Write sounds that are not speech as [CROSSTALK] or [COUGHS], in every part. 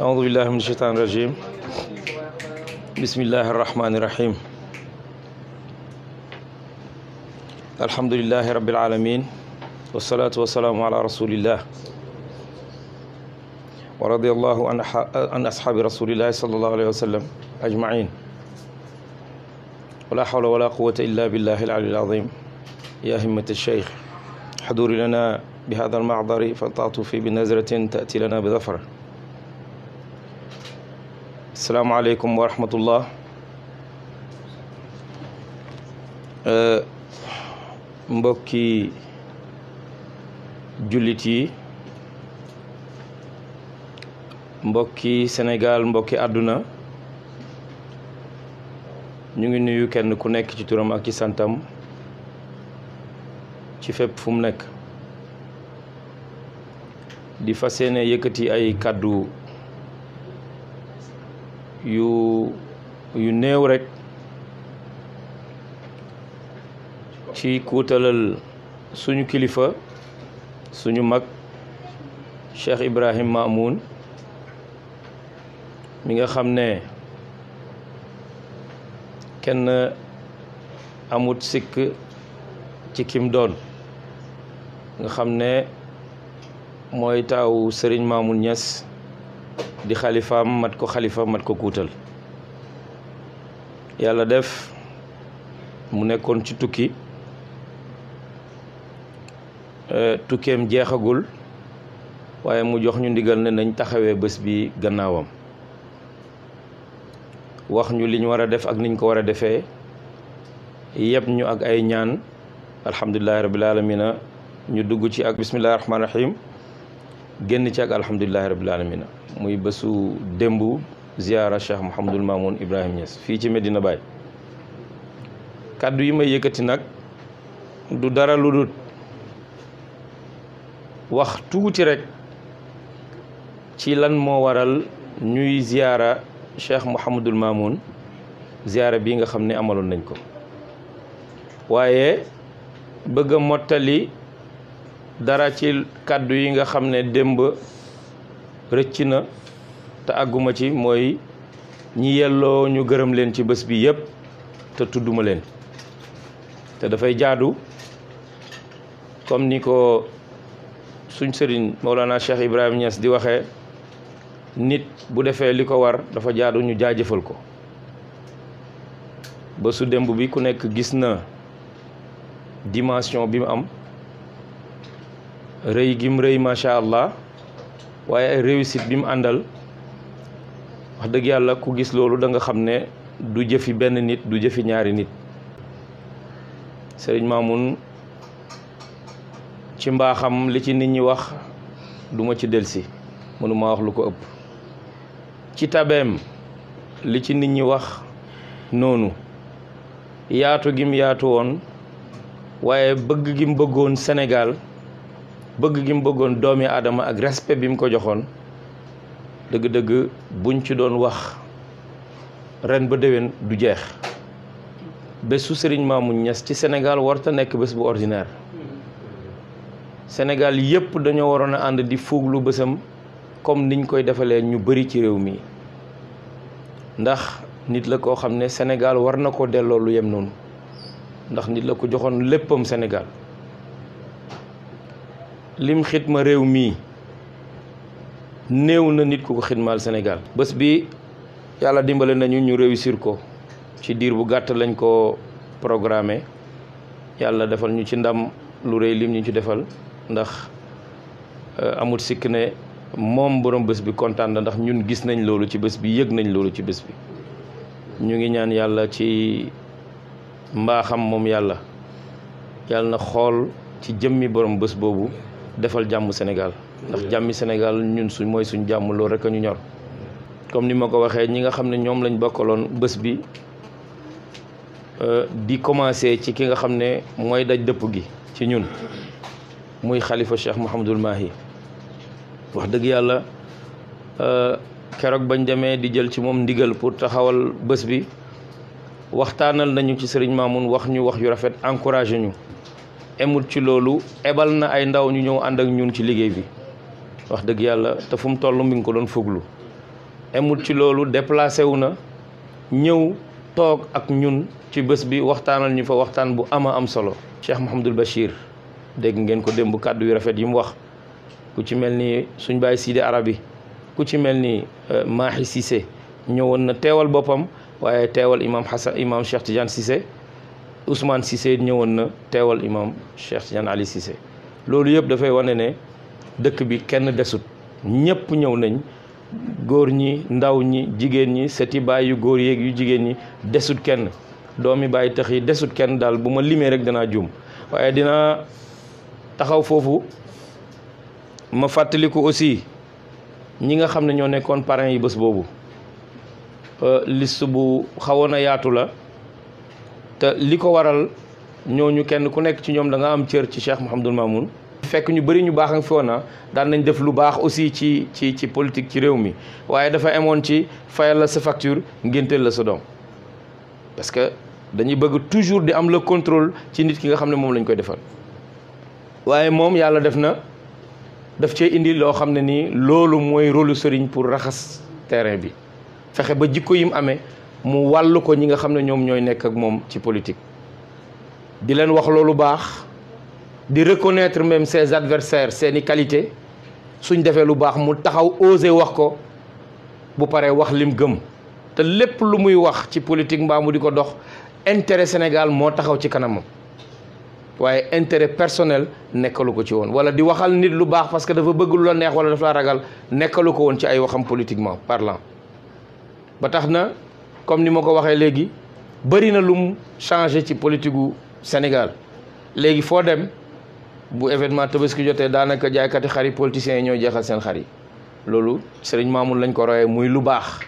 أعوذ بالله من الشيطان الرجيم بسم الله الرحمن الرحيم الحمد لله رب العالمين والصلاة والسلام على رسول الله ورضي الله عن أصحاب رسول الله صلى الله عليه وسلم أجمعين ولا حول ولا قوة إلا بالله العلي العظيم يا همة الشيخ حضور لنا بهذا المعذر فلتعطوا في بنزرة تأتي لنا بظفر السلام عليكم ورحمة الله mbokki jullit yi mbokki Sénégal mbokki àdduna ñu ngi nuyu kenn ku nekk ci turam ak ci santam ci fépp fu mu nekk di fas yéene yëkkati ay kàddu yu yu néew rek ci kuutalal suñu kilifa suñu mag Cheikh Ibrahim Mamoun mi nga xam ne kenn amut sikk ci kim doon nga xam ne mooy taawu Serigne Mamoun Niass di xalifaam mat ko xalifa mat ko kuutal yàlla def mu nekkoon ci tukki euh, tukkeem jeexagul waaye mu jox ñu ndigal ne nañ taxawee bés bi gannaawam wax ñu liñ war a def ak niñ ko war a defee yëpp ñu ak ay ñaan alhamdulillahi rabbil alamina ñu dugg ci ak bismillahi rahmaani rahim génn ci ak alhamdulilahi laa alamina muy bésu démb ziara cheikh mouhamadul mamoun ibrahim Niass fii ci Medina Baye kàddu yi may yëkkati nag du dara lu dul wax tuuti rek ci lan moo waral ñuy ziara cheikh mouhamadul mamoun ziara bi nga xam ni amaloon nañ ko waaye bëgg mottali dara ci kàddu yi nga xam ne démb rëcc na te àgguma ci mooy ñi yelloo ñu gërëm leen ci bés bi yépp te tudduma leen te dafay jaadu comme ni ko suñ sëriñ Maulana Cheikh ibrahim ñees di waxe nit bu defee li ko war dafa jaadu ñu jaajëfal ko bésu démb bi ku nekk gis na dimension bi mu am rëy gi rëy macha allah waaye ay réussite bi mu àndal wax dëgg yàlla ku gis loolu danga xam ne du jëfi benn nit du jëfi ñaari nit sëriñ Mamoun ci mbaaxam li ci nit ñi wax duma ma ci delsi mënuma wax lu ko ëpp ci tabeem li ci nit ñi wax noonu yaatu gim yaatu woon waaye bëgg gim bëggoon Sénégal bëgg gi mu bëggoon doomi aadama ak respect bi mu ko joxoon dëgg-dëgg buñ ci doon wax ren ba déwén du jeex bésu Serigne Mamou Niass ci Sénégal warta nekk bés bu ordinaire Sénégal yépp dañoo waroon a ànd di fuuglu bésam comme niñ koy defalee ñu bari ci réew mi ndax nit la koo xam ne Sénégal war na ko delloo lu yem noonu ndax nit la ko joxoon léppam Sénégal lim xidma réew mii néew na nit ku ko xidmaal Sénégal bés bi yàlla dimbale nañu ñu réussir ko ci diir bu gàtt lañ ko programmé yàlla defal ñu ci ndam lu réy lim ñu ci defal ndax euh, amut sikk ne moom borom bés bi kontaan na ndax ñun gis nañ loolu ci bés bi yëg nañ loolu ci bés bi ñu ngi ñaan yàlla ci mbaaxam moom yàlla yàlla na xool ci jëmmi borom bés boobu defal jàmm Sénégal ndax jàmmi Sénégal ñun suñ mooy suñu jàmm loolu rek a ñu ñor comme ni ma ko waxee ñi nga xam ne ñoom lañu bokkaloon bés bi euh, di commencé ci ki nga xam ne mooy daj dëpp gi ci ñun muy xalifa Cheikh Mouhamadul Mahi wax dëgg yàlla euh, keroog bañ demee di jël ci moom ndigal pour taxawal bés bi waxtaanal nañu ci sëriñ Mamoun wax ñu wax yu rafet encouragé ñu emul ci loolu ebal na ay ndaw ñu ñëw ànd ak ñun ci liggéey bi wax dëgg yàlla te fu mu toll mi ngi ko doon foglu emul ci wu na ak ñun ci bés bi waxtaanal ñu fa waxtaan bu ama am solo cheikh mahamadul bachir dégg ngeen ko démb kàddu yu rafet yi mu wax ku ci mel ni suñ bàyyi siidi arabi ku ci ni euh, maaxi sise na tewal boppam waaye teewal imam hasan imam cheikh tidiane sise Ousmane Cissé ñëwoon na teewal imam Cheikh Tidiane Ali Cissé loolu yëpp dafay wane ne dëkk bi kenn desut ñëpp ñëw nañ góor ñi ndaw ñi jigéen ñi seti bàyyi yu góor yeeg yu jigéen ñi desut kenn doomi bàyyi tax yi desut kenn daal bu ma limee rek danaa jum waaye dinaa taxaw foofu ma fàttaliku aussi ñi nga xam ne ñoo nekkoon parrain yi bés boobu euh, list bu xawoon a yaatu la te li ko waral ñooñu kenn ku nekk ci ñoom da nga am cër ci Cheikh Mouhamadul Mamoun. fekk ñu bëri ñu baax ak fi na ah, daan nañ def lu baax aussi ci ci ci politique ci réew mi waaye dafay amoon ci fayal la sa facture ngénteel la sa doom parce que dañuy bëgg toujours di am le contrôle ci nit ki nga xam ne moom lañ koy defal. waaye moom yàlla def na daf cee indi loo xam ne nii loolu mooy rôlu sëriñ pour raxas terrain bi fexe ba jikko yi mu amee. mu walu ko ñi nga xam ne ñoom ñooy nekk ak mom ci politique di len wax loolu bax di reconnaître même ses adversaires ses qualités suñ défé lu bax mu taxaw oser wax ko bu paré wax lim gëm té lépp lu muy wax ci politique mbaa mu diko dox intérêt Sénégal mo taxaw ci kanamam waaye intérêt personnel nekkalu ko ci won wala di waxal nit lu bax parce que dafa bëgg lu la neex wala dafa la ragal nekkalu ko woon ci ay waxam politiquement parlant ba tax na comme ni ma ko waxee léegi bëri na lum changé ci politique gu Sénégal léegi foo dem bu événement tabaski jotee daanaka jaaykati xari politiciens yi ñoo jeexal seen xari loolu sëriñ Mamoun lañ ko royee muy lu baax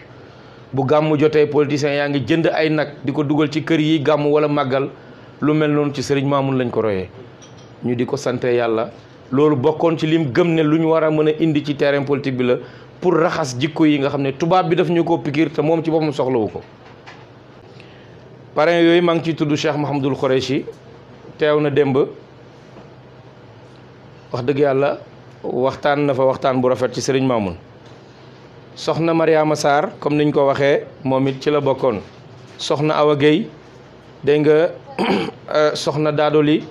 bu gàmm jotee politiciens yaa ngi jënd ay nag di ko dugal ci kër yi gàmm wala màggal lu mel noonu ci sëriñ Mamoun lañ ko royee ñu di ko sante yàlla loolu bokkoon ci lim gëm ne lu ñu war a mën a indi ci terrain politique bi la pour raxas jikko yi nga xam ne tubaab bi daf pikir te moom ci boppam soxlawu ko parrain yooyu maa ngi ciy tudd Cheikh Mahamadul Khoreshi teew na démb wax dëgg yàlla waxtaan na fa waxtaan bu rafet ci sëriñ Mamoun soxna Mariama Sarr comme niñ ko waxee moom ci la soxna Awa Guèye dégg nga [COUGHS] euh, soxna Daadoli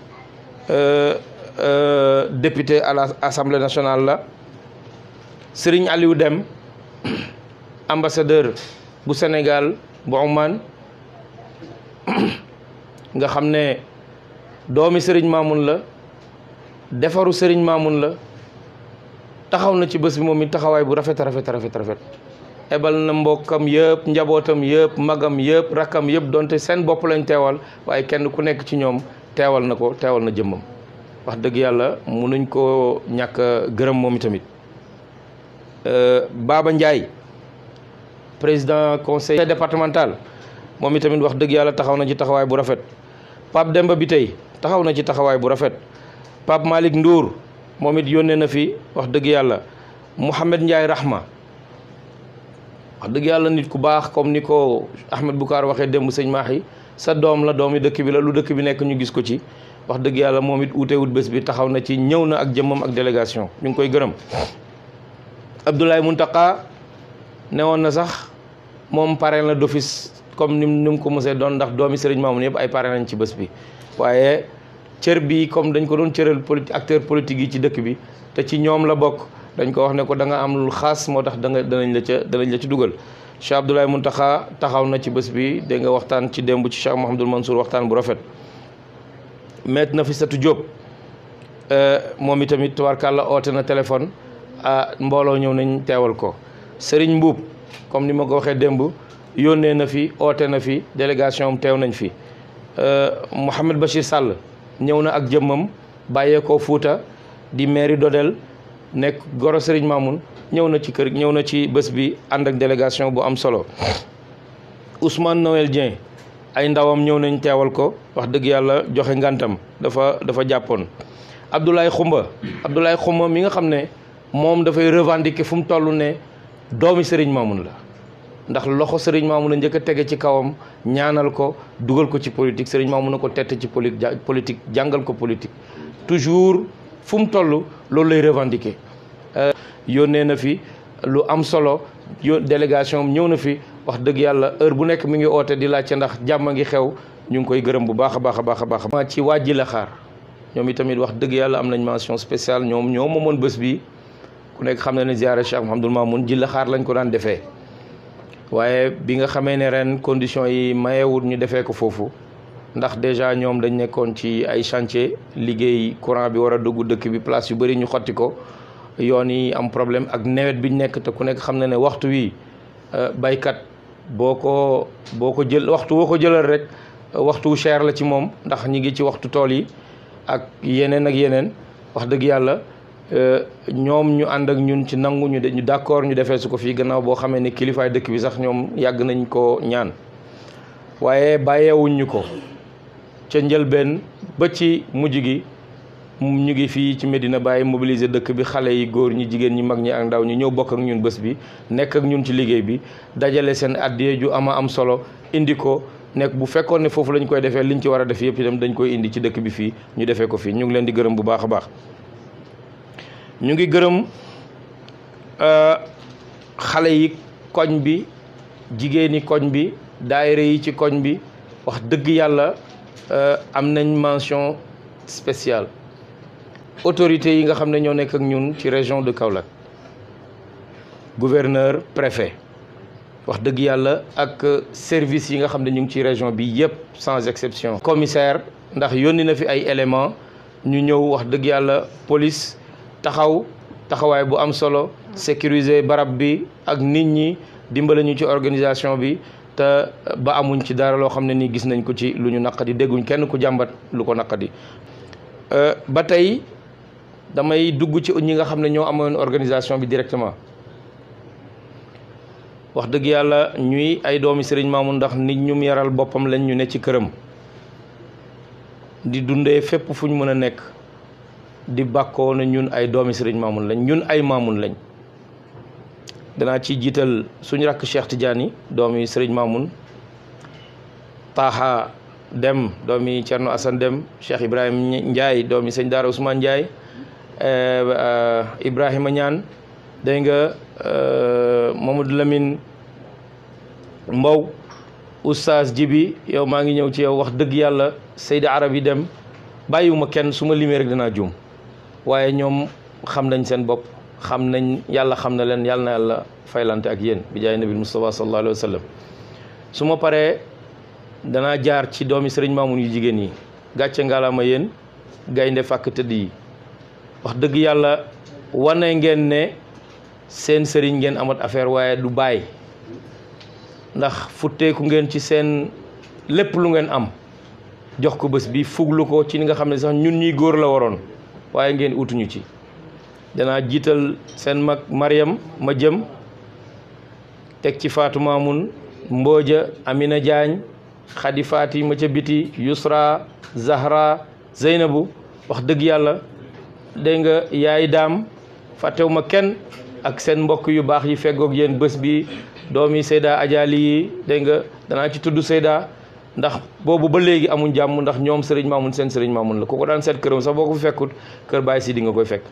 euh, euh, député à l'Assemblée nationale la sëriñ Aliou dem ambassadeur bu Sénégal bu Oman nga xam ne doomi Serigne Mamoun la defaru Serigne Mamoun la taxaw na ci bés bi moom it taxawaay bu rafet rafet rafet ebal na mbokkam yëpp njabootam yëpp magam yëpp rakkam yëpp donte seen bopp lañ teewal waaye kenn ku nekk ci ñoom teewal na ko teewal na jëmmam wax dëgg yàlla munuñ koo ñàkk gërëm moom i tamit Euh, Baba Ndiaye président conseil départemental moom itamit wax dëgg yàlla taxaw na ci taxawaay bu rafet Pape Demba bi tey taxaw na ci taxawaay bu rafet Pape Malick Ndour moom it na fi wax Rahma wax dëgg yàlla nit ku baax comme ni ko Ahmed Boucar waxee démb sëñ Mahi sa doom la doomi dëkk bi la lu dëkk bi nekk ñu gis ko ci wax dëgg yàlla bi na ci ñëw ak jëmmam ak délégation ñu ngi koy Abdoulaye Muntaka newoon na sax mom parrain la d'office comme ni ni mu ko mosee doon ndax doomi Serigne Mamoune yëpp ay parrain lañ ci bés bi waaye cër bi comme dañ ko doon cëral politique acteur politique yi ci dëkk bi te ci ñoom la bokk dañ ko wax ne ko da nga am lu xaas moo tax da nga danañ la ca danañ la ci dugal Cheikh Abdoulaye Mountakha taxaw na ci bés bi da nga waxtaan ci démb ci Cheikh Mouhamadul Mansour waxtaan bu rafet met na fi satu Diop euh, moom itamit tubaarkàlla oote na téléphone Ah, mbooloo ñëw nañ teewal ko Serigne Mbuub comme ni ma ko waxee démb yónnee na fi oote na fi délégation am teew nañ fi euh, Mouhamed Bachir Sall ñëw na ak jëmmam bàyyeekoo Fuuta di mairie Dodel nekk goro sëriñ Mamoun ñëw na ci kër ñëw na ci bés bi ànd ak délégation bu am solo Ousmane nowel Dieng ay ndawam ñëw nañ teewal ko wax dëgg yàlla joxe ngantam dafa dafa jàppoon Abdoulaye Xumba Abdoulaye Xumba mi nga xam ne moom dafay revendiquer fu mu toll ne doomi sëriñ Mamoun la ndax loxo sëriñ Mamoun a njëkk tege ci kawam ñaanal ko dugal ko ci politique sëriñ Mamoun ko tette ci politique ko politique toujours fu mu toll loolu lay revendiquer. Euh, yónnee na fi lu am solo yo délégation am ñëw na fi wax dëgg yàlla heure bu nekk mi ngi oote di laajte ndax jàmm a xew ñu ngi koy gërëm bu ci la xaar itamit wax am nañ mention spéciale bi. ku nekk xam na ne ziara Cheikh Mouhamadul Mamoun ji la xaar lañ ko daan defee waaye bi nga xamee ne ren condition yi mayewul ñu defee ko foofu ndax déjà ñoom dañ nekkoon ci ay chantier liggéey courant bi war a dugg dëkk bi place yu bëri ñu xotti ko yoon yi am problème ak nawet bi ñu nekk te ku nekk xam na ne waxtu wi euh, baykat boo ko boo ko jël waxtu woo ko jëlal rek waxtu cher la ci moom ndax ñi ngi ci waxtu tool yi ak yeneen ak yeneen wax dëgg yàlla Euh, ñoom ñu ànd ak ñun ci nangu ñu ñu d'accord ñu defee su ko fii gannaaw boo xamee ne kilifaay dëkk bi sax ñoom yàgg nañ ko ñaan waaye bàyyeewuñ ñu ko ca njëlbeen ba ci mujj gi ñu ngi fii ci Medina bàyyi mobiliser dëkk bi xale yi góor ñi jigéen ñi mag ñi ak ndaw ñu ñëw bokk ak ñun bés bi nekk ak ñun ci liggéey bi dajale seen addiye ju ama am solo indi ko nekk bu fekkoon ne foofu lañ koy defee liñ ci war a def yëpp itam dañ koy indi ci dëkk bi fii ñu defee ko fii ñu ngi leen di gërëm bu baax a baax. ñu ngi gërëm euh, xale yi koñ bi jigéeni koñ bi daayira yi ci koñ bi wax dëgg yàlla euh, am nañ mention spéciale autorité yi nga xam ne ñoo nekk ak ñun ci région de Kaolack gouverneur préfet wax dëgg yàlla ak euh, service yi nga xam ne ñu ngi ci région bi yëpp sans exception commissaire ndax yónni na fi ay éléments ñu ñëw wax dëgg yàlla police taxaw taxawaay bu am solo sécuriser barab bi ak nit ñi dimbale ñu ci organisation bi te ba amuñ ci dara loo xam ne gis nañ ko ci lu ñu naqadi dégguñ kenn ku jàmbat lu ko naqadi euh, ba tey damay dugg ci ñi nga xam ñoo amoon organisation bi directement wax dëgg yàlla ñuy ay doomi sëriñ Maamu ndax nit ñum yaral boppam lañ ñu ne ci di dundee fépp fuñ mën a di bàkkoo na ñun ay doomi sëriñ Mamoun lañ ñun ay Mamoun lañ danaa ci jiital suñu rakk Cheikh Tidiane doomi sëriñ Mamoun Taha Dem doomi Thierno Assane Dem Cheikh Ibrahim Ndiaye doomi sëñ Daara Ousmane Ndiaye eh, Ibrahima Niane dégg nga eh, Mamadou Lamine Mbow oustaz Jibi yow maa ngi ñëw ci yow wax dëgg yàlla Seydi Arab dem bàyyiwuma kenn su ma rek danaa juum waaye ñoom xam nañ seen bopp xam nañ yalla xam na leen yàlla na yàlla faylante ak yéen bi jaay nabil Mustafa sallallahu alayhi wa sallam su ma paree danaa jaar ci doomi sëriñ Maamun yu jigéen yi gàcce ngalaama yéen gaynde fàkk yi wax ngeen ne seen sëriñ ngeen amat affaire waaye du bàyyi ndax futteeku ngeen ci seen lépp lu ngeen am jox ko bés bi fuglu ko ci li nga xam sax ñun la waaye ngeen wutuñu ci danaa jiital seen mag Mariam ma jëm teg ci Fatou mun Mbooja Amina Diagne Khady Fati ma ca biti Yusra Zahra Zeynabu wax dëgg yàlla dégg nga yaay daam fàttewu ma kenn ak seen mbokk yu baax yi feggoog yéen bés bi doomi Seyda Adjali yi dégg danaa ci tudd Seyda ndax boobu ba léegi amuñ jàmm ndax ñoom mamun sen seen mamun. Maamun la ku ko daan seet këram sax boo ko fekkut kër bàyyi si di nga koy fekk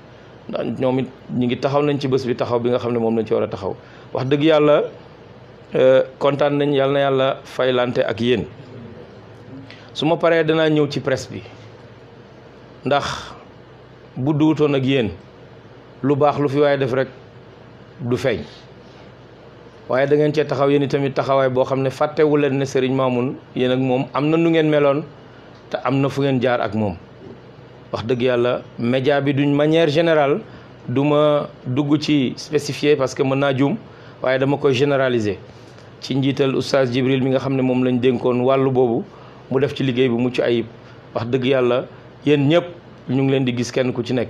ndax ñoom it ñu ngi taxaw nañ ci bés bi taxaw bi nga xam ne lañ ci war taxaw wax dëgg yàlla euh, kontaan nañ na faylante ak yéen su ma paree ñëw ci presse bi ndax bu duutoon ak lu lu fi def rek du waaye da ngeen cee taxaw yéen tamit taxawaay bo xam ne fàttewu leen ne Serigne Mamoun yéen ak am na nu ngeen te am na fu ngeen jaar ak moom wax dëgg yàlla média bi d'une manière générale du ma dugg ci spécifié parce que mën dama généraliser ci oustaz Jibril mi nga ne mom lañ kon wàllu boobu mu def ci liggéey bu mucc ayib wax dëgg yàlla yéen nyana ñu ngi leen di gis kenn ku ci ñu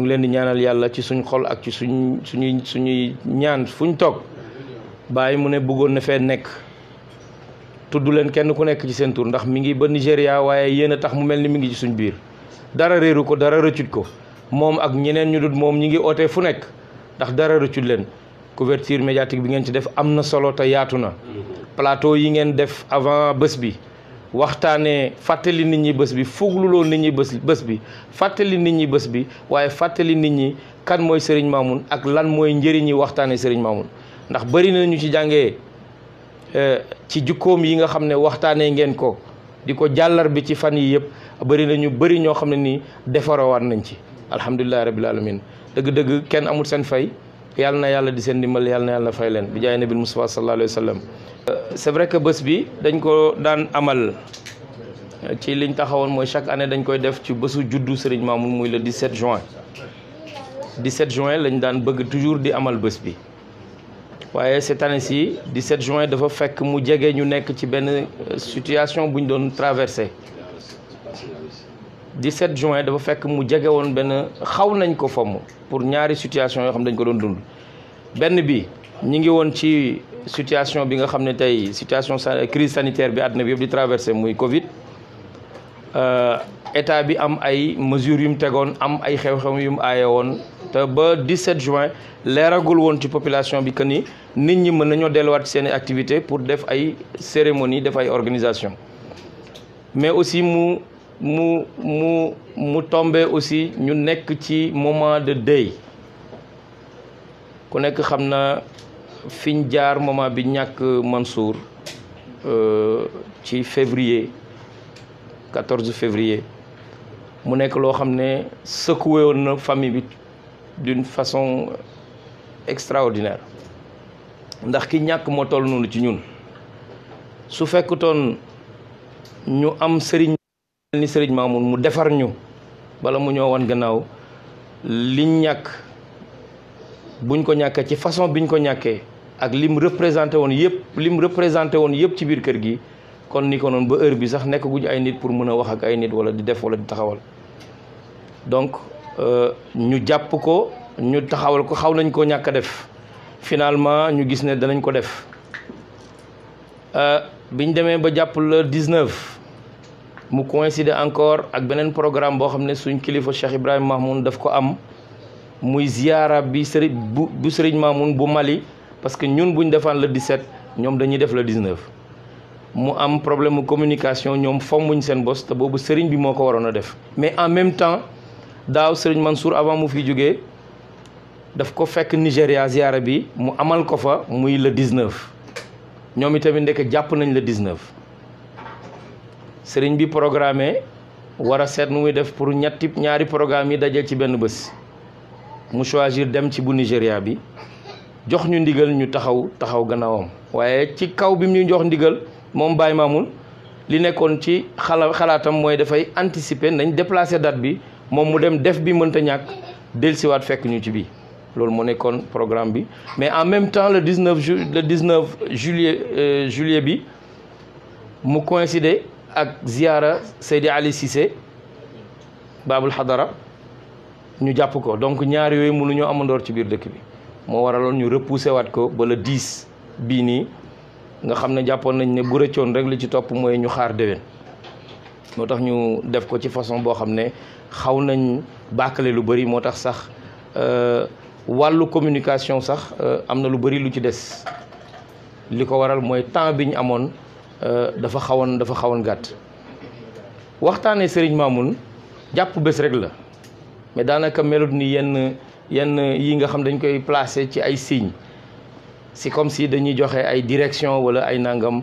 ngi leen di ñaanal ci suñ xol ak ci suñ suñuy suñuy ñaan fuñ bàyyi mu ne bëggoon na fee nekk tudd leen kenn ku nekk ci seen tur ndax mi ngi ba Nigéria waaye yéen a tax mu mel ni mu ngi ci suñ biir dara réeru ko dara rëccut ko moom ak ñeneen ñu dut moom ñi ngi ootee fu nekk ndax dara rëccut leen couverture médiatique bi ngeen ci def am na solo te yaatu na plateau yi ngeen def avant bés bi waxtaanee fàttali nit ñi bés bi fugluloo nit ñi bés bés bi fàttali nit ñi bés bi waaye fàttali nit ñi kan mooy Serigne Mamoune ak lan mooy njëriñi waxtaanee Serigne Mamoune ndax bëri na ñu ci jàngee eh, ci jukkoom yi nga xam ne waxtaanee ngeen ko di ko jàllar bi ci fan yii yëpp bari na ñu bëri ñoo xam ne nii defarowaat nañ ci alhamdulilahi rabil alamin dëgg-dëgg kenn amul seen fay yàlla na yàlla di seen dimbal yàlla na yàlla fay leen bi jaay nabil Mustafa sallallahu alayhi wa sallam eh, vrai que bés bi dañ ko daan amal eh, ci liñ taxawoon mooy chaque année dañ koy def ci bésu juddu Serigne Mamoun muy le 17 juin 17 juin lañ daan bëgg toujours di amal bés bi waaye cette année ci 17 juin dafa fekk mu que ñu nekk ci benn euh, situation bu ñu doon traversé 17 juin dafa fekk mu jege woon benn xaw nañ ko fomm pour ñaari situation une xam dañ ko doon dund benn bi ñi ngi ci situation bi nga xam ne une situation crise sanitaire bi nous bi yëpp di muy Covid. Euh, état bi am ay mesures yum mu am ay xew-xew yum ayé won té ba 17 juin léragul won ci population bi que nit ñi mën nañoo delluwaat ci séni activité pour def ay cérémonie def ay organisation mais aussi mu mu mu mu tomber aussi ñu nekk ci moment de deuil ku nekk xamna na fiñ jaar moment bi ñak Mansour euh, ci février 14 février mu nekk loo xam ne secoué woon na famille bi d'une façon extraordinaire ndax ki ñàkk moo toll noonu ci ñun su fekkutoon ñu am sëriñ ni sëriñ Maamun mu defar ñu bala mu ñoo wan gannaaw liñ ñàkk buñ ko ñàkkee ci façon biñ ko ñàkkee ak lim représenté woon yëpp lim représenté woon yëpp ci biir kër gi kon ni ko noonu ba heure bi sax nekk guñu ay nit pour mën a wax ak ay nit wala di def wala di taxawal donc euh, ñu jàpp ko ñu taxawal ko xaw nañ ko ñàkk def finalement ñu gis ne danañ ko def euh, biñ démé ba japp le 19 mu coïncider encore ak benen programme bo xamné ne suñ kilifa Cheikh ibrahim Mahmoud daf ko am muy ziyara bi sëriñ bu bu sëriñ Mahmoud bu Mali parce que ñun buñ defaan le 17 ñom dañuy def le 19 mu am problème de communication ñoom fommuñ sen boss té bobu sëriñ bi moko warona def mais en même temps daaw sëriñ Mansour avant mu fi jóge daf ko fekk Nigéria ziara bi mu amal ko fa muy le 19 ñoom itamit ndekk jàpp nañ le 19 sëriñ bi programmé war a seet mu muy def pour ñetti ñaari programme yi dajee ci benn bés mu choisir dem ci bu Nigéria bi jox ñu ndigal ñu taxaw taxaw gannaawam waaye ci kaw bi muy jox ndigal moom Baye Mamoun li nekkoon ci xala xalaatam mooy dafay anticiper nañ déplacer date bi moom mu dem def bi mënta ñàkk wat fekk ñu ci bi loolu mo nekkoon programme bi mais en même temps le 19 ju le 19 juillet euh, juillet bi mu coïncider ak ziyara Seydi Ali Cissé Babul Hadara ñu japp ko donc ñaar yooyu mënuñoo amandor ci biir dëkk bi mo waralon ñu repousser wat ko ba le 10 bi ni nga xam ne nañ ne bu rek li ci top moy ñu xaar dewen moo tax ñu def ko ci façon boo xam ne xaw nañ bàkkale lu bëri moo tax sax euh, wàllu communication sax euh, am na lu bëri lu ci des li ko waral mooy temps bi ñu amoon euh, dafa xawoon dafa xawoon gàtt waxtaanee Serigne Mamoun jàpp bés rek la mais daanaka melut ni yenn yenn yi nga xam dañ koy placer ci ay signes si comme si dañuy joxe ay direction wala ay nangam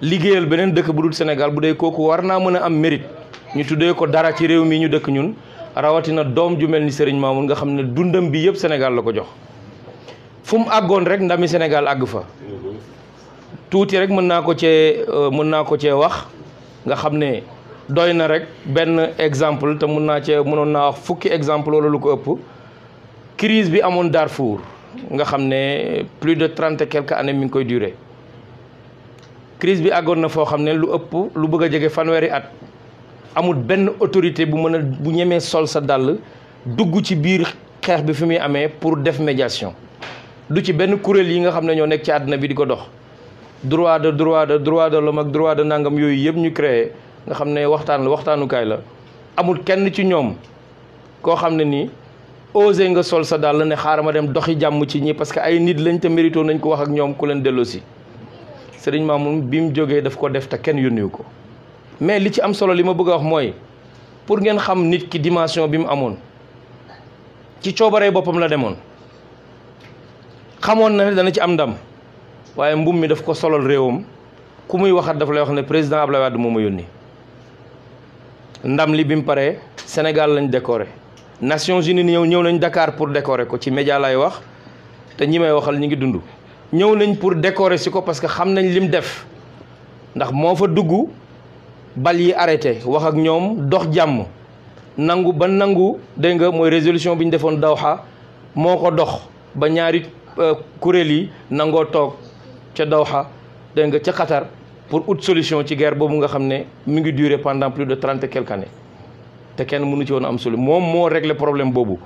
liggéeyal beneen dëkk bu dul Sénégal bu dee kooku war naa mën a am mérite ñu tuddee ko dara ci réew mi ñu dëkk ñun rawatina doom ju mel ni Serigne Mamoun nga xam ne dundam bi yëpp Sénégal la ko jox fu mu àggoon rek ndami Sénégal àgg fa tuuti rek mën naa ko cee euh, mën naa ko cee wax nga xam ne doy na rek benn exemple te mën naa cee mënoon naa wax fukki exemple wala lu ko ëpp crise bi amoon daar Darfour nga xam ne plus de trente et quelques mi ngi koy durer crise bi agoon na foo xam ne lu ëpp lu bëgg a jege fanweeri at amul benn autorité bu mën a bu ñemee sol sa dàll dugg ci biir xeex bi fi muy amee pour def médiation du ci benn kuréel yi nga xam ne ñoo nekk ci àddina bi di ko dox droit de droit de droit de l'homme ak droit de nangam yooyu yëpp ñu créé nga xam ne waxtaan waxtaanukaay la amul kenn ci ñoom koo xam ne nii osé nga sol sa dàll ne xaaral ma dem doxi jàmm ci ñi parce que ay nit lañ te mérito nañ ko wax ak ñoom ku leen delloosi sëriñ Mamoun bi mu jógee daf ko def te kenn yónniwu ko mais li ci am solo li ma bëgg a wax mooy pour ngeen xam nit ki dimension bi mu amoon ci coobaree boppam la demoon xamoon na ne dana ci am ndam waaye mbum mi daf ko solal réewam ku muy waxat daf lay wax ne président Abdoulaye Wade moo ma yónni ndam li bi mu paree Sénégal lañ décoré Nations Unies ñëw ñëw nañ dakaar pour décorer ko ci média lay wax te ñi may waxal ñi ngi dund ñëw nañ pour décorer si ko parce que xam nañ lim def ndax moo fa dugg bal yi arrêté wax ak ñoom dox jàmm nangu ba nangu dégg nga mooy résolution bi ñu defoon daw xa moo ko dox ba ñaari euh, kuréel yi nangoo toog ca Dawha dégg nga ca Qatar pour autre solution ci guerre boobu nga xam ne mu ngi durer pendant plus de trente et quelques te kenn mënu ci won am solu mom mo régler problème bobu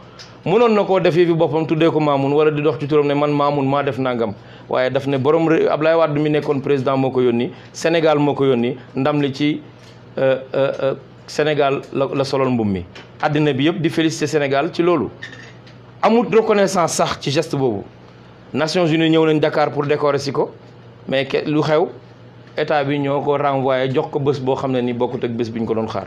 mënon nako koo fi bopam tuddee ko mamoun wala di dox ci turam né man mamoun ma def nangam waye daf né borom Ablaye Wade mi nekkoon président moko yoni Sénégal moko yoni ndam li ci euh, euh, euh, Sénégal la la soloon mi. adina bi yëpp di féliciter Sénégal ci lolu amut reconnaissance sax ci geste bobu Nations Unies ñëw nañ Dakar pour décorer si ko mais lu xew état bi ñoko renvoyer jox ko bëss bo xamné ni bokkut ak bëss bi ko don xaar.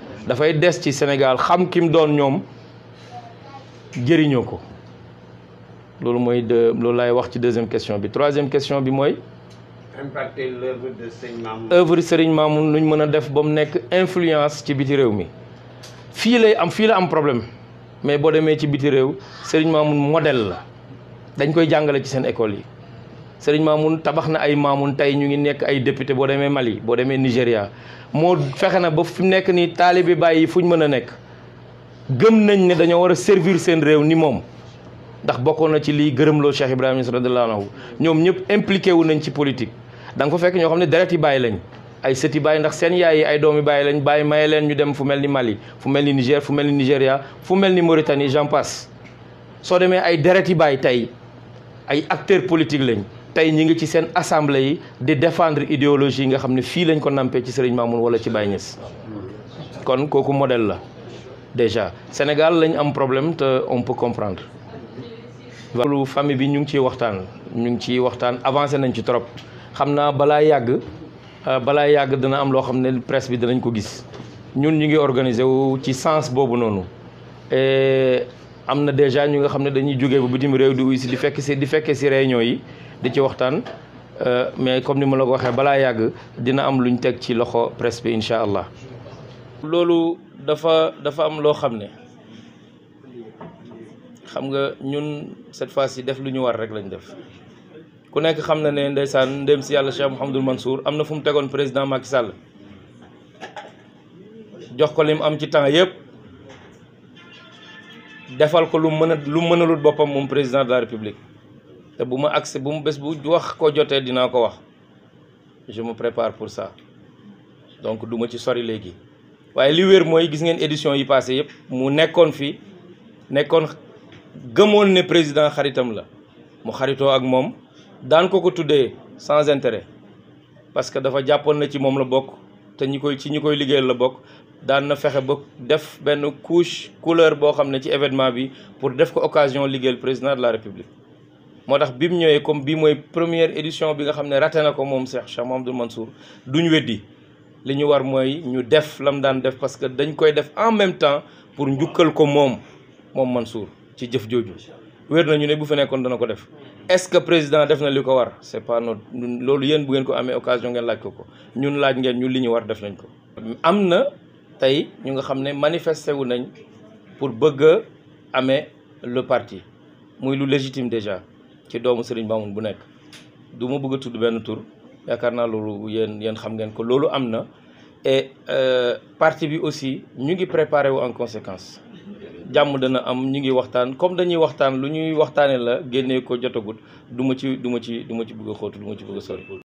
da fay dess ci Sénégal xam kim doon ñom jëriñoo lolu moy mooy de loolu laay wax ci deuxième question bi troisième question bi moy impacter l'œuvre de Serigne Mamoun. œuvre Serigne Mamoun luñ mën a def bam nek influence ci biti rew mi fi lay am fi la am problème mais bo démé ci biti rew Serigne Mamoun modèle la dañ koy jàngalé ci seen école yi. Serigne Mamoun tabax na ay Mamoun tey ñu ngi nekk ay député boo demee Mali boo demee Nigéria moo fexe na ba fi mu nekk nii taalibe bàyyi fu ñu mën a nekk gëm nañ ne dañoo war a servir seen réew ni moom ndax bokkoon na ci lii gërëmloo Cheikh Ibrahima radiyallahu anhu ñoom ñëpp impliqué wu nañ ci politique da nga fa ñoo xam ne deret yi bàyyi lañ ay sëti bàyyi ndax seen yaay yi ay doomi bàyyi lañ bàyyi maye leen ñu dem fu mel ni Mali fu mel ni Niger fu mel ni Nigéria fu mel ni Mauritanie j'en passe soo demee ay deret yi bàyyi tey ay acteurs politiques lañ tey ñi ngi ci seen assemblée yi di défendre idéologie yi nga xam ne fii lañ ko nampee ci Serigne Mamoun wala ci Baye Niass kon kooku modèle la déjà Sénégal lañ am problème te on peut comprendre. wàllu famille bi ñu ngi ciy waxtaan ñu ngi ciy waxtaan avancé nañ ci trop xam naa balaa yàgg euh, balaa yàgg dana am lo xam presse bi dinañ ko gis ñun ñi ngi organiser wu ci sens bobu nonu euh amna déjà ñu nga xam dañuy jógee bu bitim rew di uy ci di fekk ci di fekk ci réunion yi. di ci waxtaan euh, mais comme ni ma la ko waxee balaa yàgg dina am luñ teg ci loxo presse bi incha allah. loolu dafa dafa am loo xam ne xam nga ñun cette fois yi def lu ñu war rek lañ def ku nekk xam na ne ndeysaan ndéem si yàlla Cheikh Mouhamadul Mansour am na fu mu tegoon président Macky Sall jox ko li mu am ci temps yëpp defal ko lu mën a lu mënalul boppam moom président de la république. te accès bu mu bu wax ko jotee dinaa ko wax je me prépare pour ça donc du ma ci sori léegi waaye li wér mooy gis ngeen édition yi passé yëpp mu nekkoon fi nekkoon gëmoon ne président xaritam la mu xaritoo ak moom daan ko ko tuddee sans intérêt parce que dafa japon na ci moom la bokk te ñi koy ci ñi koy liggéeyal la bokk daan na fexe ba def benn couche couleur boo xam ne ci événement bi pour def ko occasion liggéeyal président de la république motax tax bi comme bi moy première édition bi nga xamné raté nako mom Cheikh Cheikh Mouhamadoul Mansour duñ wéddi liñu war moy ñu def lam daan def parce que dañ koy def en même temps pour njukkal ko mom mom Mansour ci jëf jooju wér na ñu né bu fa nekkoon dana ko def est-ce que président def na liko war c'est pas notre lolu yeen bu ngeen ko amé occasion ngeen laaj ko ñun laaj ngeen ñu liñu war def nañ ko amna tay ñu nga xamné ne wu nañ pour bëgg amé le parti muy lu légitime déjà ci doomu Serigne Mamoun bu nekk du ma bëgg a tudd benn tur yaakaar naa loolu xam ngeen ko loolu amna na et euh, parti bi aussi ñu ngi préparé wu en conséquence dana am ñu ngi waxtaan comme dañuy waxtaan lu ñuy waxtaanee la génnee ko jotagut du ma ci du ma ci du ma ci bëgg ci bëgg sori